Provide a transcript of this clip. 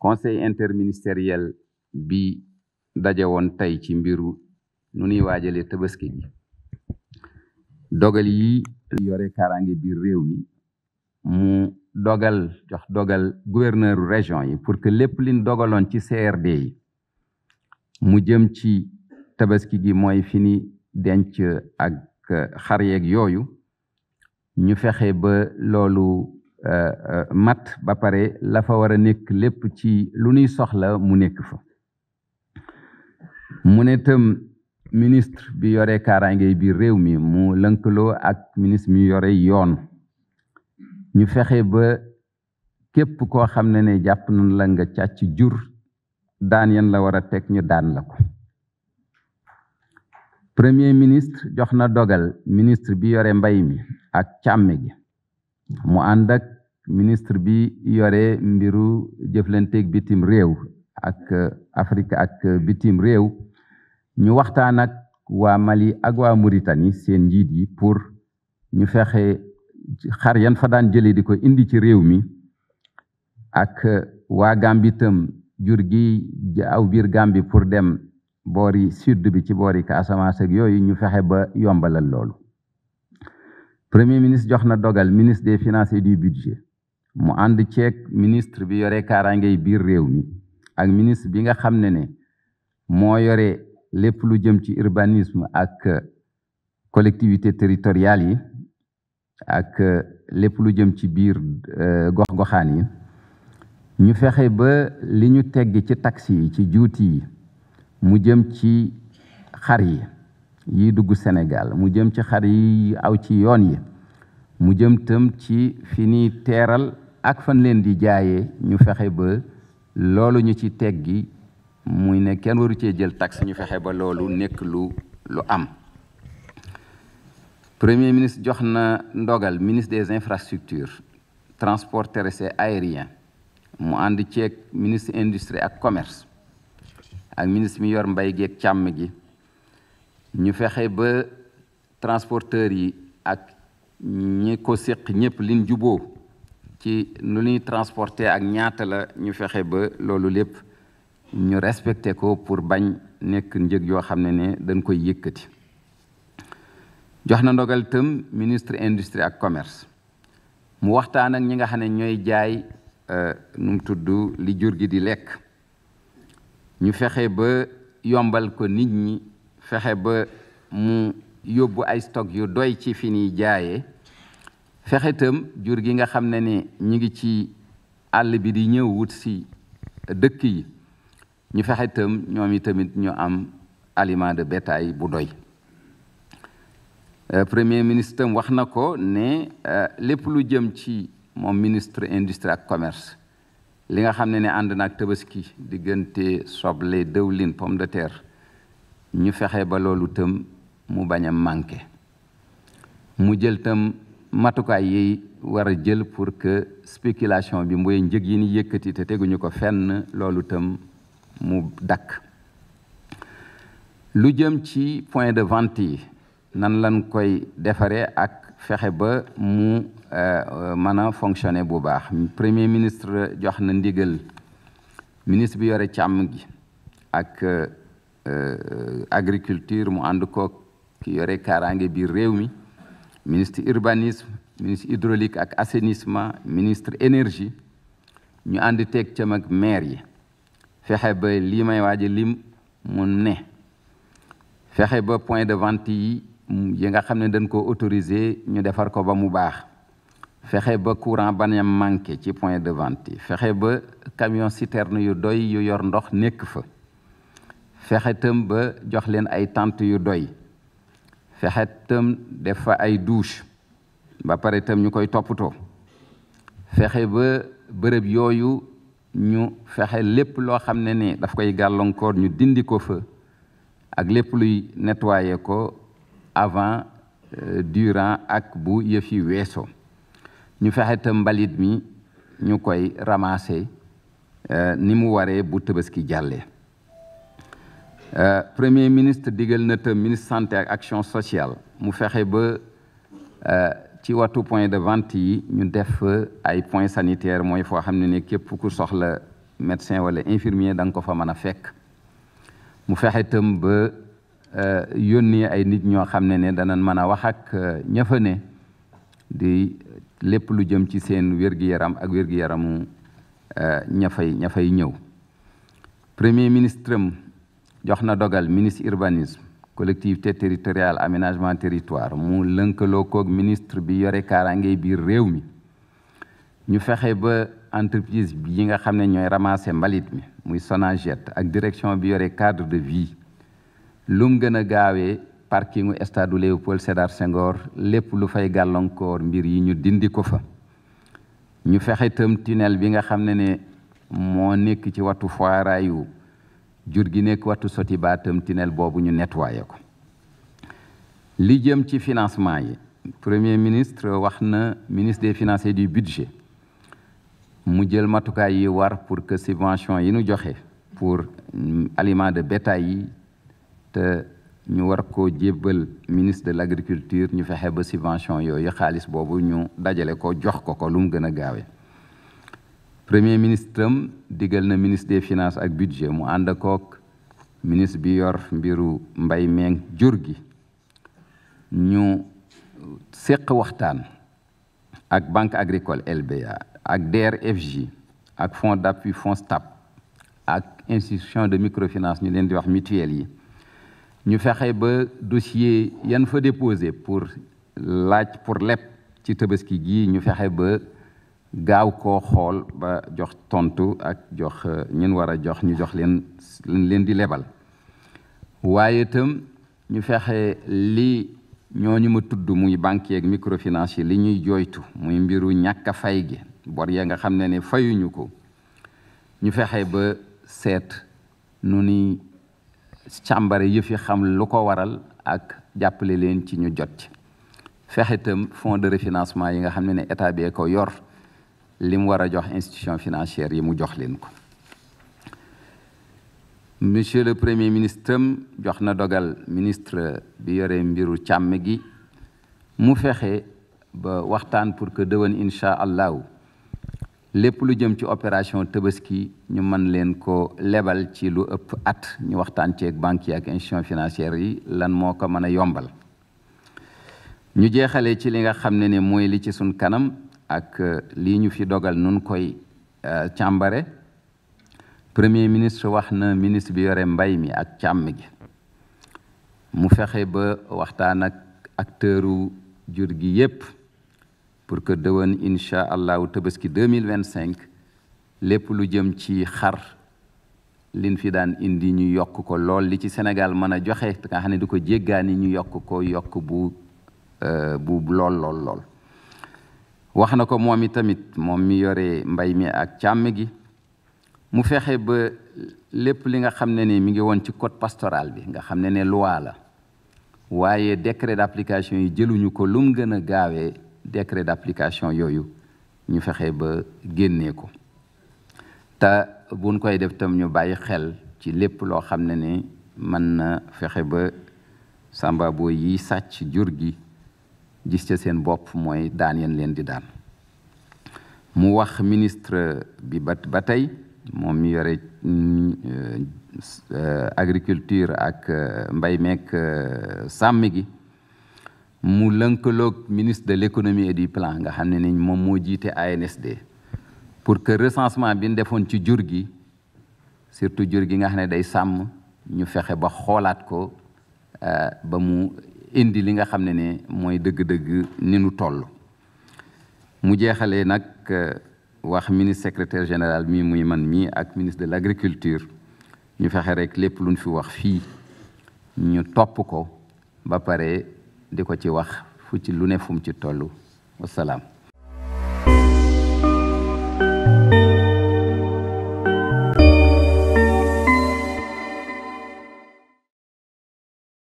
conseil interministériel bi daje woon tey ci mbiru nu ñuy waajale tabaski gi dogal yi yore kaaraange biir réew mi mu dogal jox dogal gouverneur région yi pour que lépp liñ dogaloon ci CRD yi mu jëm ci tabaski gi mooy fi ni denc ak xar yeeg yooyu ñu fexe ba loolu Euh, euh, matt ba pare la fa war a nekk lépp ci lu nuy soxla mu nekk fa mu ne tëm ministre bi yore kaaraange biir réew mi mu lënkaloo ak ministre mi yore yoon ñu fexe ba képp koo xam ne ne jàpp nañ la nga càcc jur daan yan la war a teg ñu daan la ko premier ministre jox na dogal ministre bi yore mbay mi ak càmm gi mu ànd ak ministre bi yore mbiru jëflanteeg bitim réew ak euh, Afrique ak euh, bitim réew ñu waxtaan ak waa Mali ak waa Mauritanie seen njiit yi pour ñu fexe xar yan fa daan jëlee di ko indi ci réew mi ak euh, waa Gambie jur gi aw biir Gambie pour dem boori sud bi ci boori Casamance ak yooyu ñu fexe ba yombalal loolu. premier ministre jox na dogal ministre des finances du budget mu ànd ceeg ministre bi yore kaaraangey biir réew mi ak ministre bi nga xam ne ne moo yore lépp lu jëm ci urbanisme ak euh, collectivité territoriale yi ak euh, lépp lu jëm ci biir euh, gox-goxaan yi ñu fexe ba li ñu tegg ci taxi yi ci juuti yi mu jëm ci xar yi yi dugg Sénégal mu jëm ci xar yi aw ci yoon yi mu jëm tam ci fi ni teeral ak fan leen di jaayee ñu fexe ba loolu ñu ci teg gi muy ne kenn waru cee jël taxe ñu fexe ba loolu nekk lu lu am premier ministre jox na ndogal ministre des infrastructures transport terrestre aérien mu ànd ceeg ministre industrie ak commerce ak ministre mi yor mbay geeg càmm gi ñu fexe ba transporteurs yi ak ñi ko séq ñëpp liñ juboo ci nu ñuy ak ñaata la ñu fexe ba loolu lépp ñu respecté ko pour bañ nekk njëg yoo xam ne ne dañ koy yëkkati jox na ndogal itam ministre industrie ak commerce mu waxtaan ak ñi nga xam ne ñooy jaay euh, nu mu tudd li jur gi di lekk ñu fexe ba yombal ko nit ñi fexe ba mu yóbbu ay stock yu doy ci fi ñuy jaayee fexe tam jur gi nga xam ne ne ñu ngi ci àll bi di ñëw wut si dëkk yi ñu fexe tam ñoom i tamit ñu am aliment de betay bu doy euh, premier ministre tam wax na ko ne euh, lépp lu jëm ci moom ministre industrie commerce li nga xam ne ne ànd naag tabaski diggante soble dëwlin pomme de terre ñu fexé ba loolu tam mu bañ manké mu jël tam matukaay yi wara jël pour que spéculation bi mooy ñeug yi ni yëkkati te teguñu ko fenn loolu tam mu dak lu jëm ci point de vente yi nan lan koy défaré ak fexé ba mu euh, mën fonctionner bu baax premier ministre jox na ndigal ministre bi yoré cham gi ak euh, euh, agriculture mu and ko ki yore kaaraange bi réew mi ministre urbanisme ministre hydraulique ak assainissement ministre énergie ñu and teeg ci ak maire yi fexe ba lii may lim mu ne fexé ba point de vente yi yi nga xamné dañ ko autorisé ñu défar ko ba mu baax fexé ba courant bañ a manqué ci point de vente fexé ba camion citerne yu doy yu yor ndox nekk fa fexe tam ba jox leen ay tente yu doy fexe tam def fa ay douche ba pare tam ñu koy toppatoo fexe ba bërëb yooyu ñu fexe lépp loo xam ne ni daf koy gàllankoor ñu dindi ko fa ak lépp luy nettoyer ko avant euh, durant ak bu yëf yi weesoo ñu fexe tam mbalit mi ñu koy ramasser euh, ni mu waree bu Tabaski jàllee Euh, premier ministre digel na ministre santé ak action sociale mu fexe ba euh, ci wàttu point de vente yi ñu def ay point sanitaire moy fo xam ne ne képp ku soxla médecin wala infirmier infirmiers ko fa mën fekk mu fexe tam ba euh, yónnee ay nit ñoo xam ne ne danañ wax ak ñafa ne di lépp lu jëm ci seen yaram ak yaramu ña fay ñëw premier ministre jox na dogal ministre urbanisme collectivité territoriale aménagement territoire mu lënkaloo koog ministre bi yore kaaraange biir réew mi ñu fexe ba entreprise bi yi nga xam ne ñooy mbalit mi muy ak direction bi yore cadre de vie lum gën a gaawee parkingu stade Léopold Sédar Senghor lépp lu fay gàllankoor mbir yi ñu dindi ko fa ñu fexe itam tunnel bi nga xam ne ne moo nekk ci watu foiraayu jur gi nekk watu soti baatam tineel boobu ñu nettoyé ko li jëm ci financement yi premier ministre wax na ministre des finances et du budget mu jël matukaay yi war pour que subvention yi nu joxe pour aliment de bétail yi te ñu war ko jébbal ministre de l' agriculture ñu fexe ba subvention yooyu xaalis boobu ñu dajale ko jox ko ko lu mu gën a gaawee premier ministre le ministre des finances ak budget mu andakok ministre bi yor mbiru mbay meng jur ñu seq waxtaan ak banque agricole LBA ak DRFJ ak fonds d'appui Fonds STAP, ak institution de microfinance ñu leen di wax mutuel yi ñu il ba dossier yan fa déposé pour laaj pour lep ci tabaski gi ñu fexé ba gaaw koo xool ba jox tontu ak jox euh, ñu war a jox ñu jox leen leen di lebal waaye itam ñu fexe li ñooñu ma tudd muy banque yeeg microfinance li ñuy jooytu muy mbiru ñàkk a fay gi bor ya nga xam ne ne fayuñu ko ñu fexe ba seet nu ni càmbare yëfi xam lu ko waral ak jàppale leen ci ñu jot ci fexe itam fonds de refinancement yi nga xam ne ne état bee ko yor lim wara jox institution financière yi mu jox leen ko monsieur le premier ministre am jox na dogal ministre bi yore mbiru càmm gi mu fexé ba waxtaan pour que dëwan incha allahu lepp lu jëm ci opération tebeski ñu man leen ko lebal ci lu ëpp at ñu waxtaan ci ak banque ak institution financière yi lan moko mëna yombal ñu jéxalé ci li nga xamné ne moy li ci sun kanam ak euh, lii ñu fi dogal nun koy euh, càmbare premier ministre wax na ministre bi yore mbay mi ak càmm gi mu fexe ba waxtaan ak acteuru jur gi yépp pour que dëwën incha allahu tabaski mille vingt cinq lépp lu jëm ci xar liñ fi daan indi ñu yokk ko lool li ci Sénégal mën a joxe nga xam ne di ko jéggaani ñu yokk ko yokk bu euh, bu lool lool lool Wakhanoko mwami tamit, mwami yore mbaymi ak chanmegi, mw fekhebe lep li nga khamneni minge wan chikot pastoral bi, nga khamneni lwa la. Waye dekre d'aplikasyon yi djelou nyo koloum gena gave dekre d'aplikasyon yoyou, nyo fekhebe genne ko. Ta, bon kwaye deptem nyo baye chel ki lep lo khamneni, man fekhebe samba bo yi satchi djurgi. gis ca seen bopp mooy daan yeen leen di daan mu wax ministre bi ba ba tey moom mi yore euh, agriculture ak euh, mbay meek euh, sàmm gi mu lënkaloog ministre de l'économie et du plan nga xam ne ni moom moo jiite ANSD pour que recensement bi ñu defoon ci jur gi surtout jur gi nga xam ne day sàmm ñu fexe ba xoolaat ko ba mu indi li nga xam ne ne mooy dëgg-dëgg ni nu toll mu jeexalee nag euh, wax ministre secrétaire général mii muy man mi ak ministre de l'agriculture ñu fexe rek lépp luñ fi wax fii ñu topp ko ba pare di ko ci wax fu ci lu ne fum ci toll wasalaam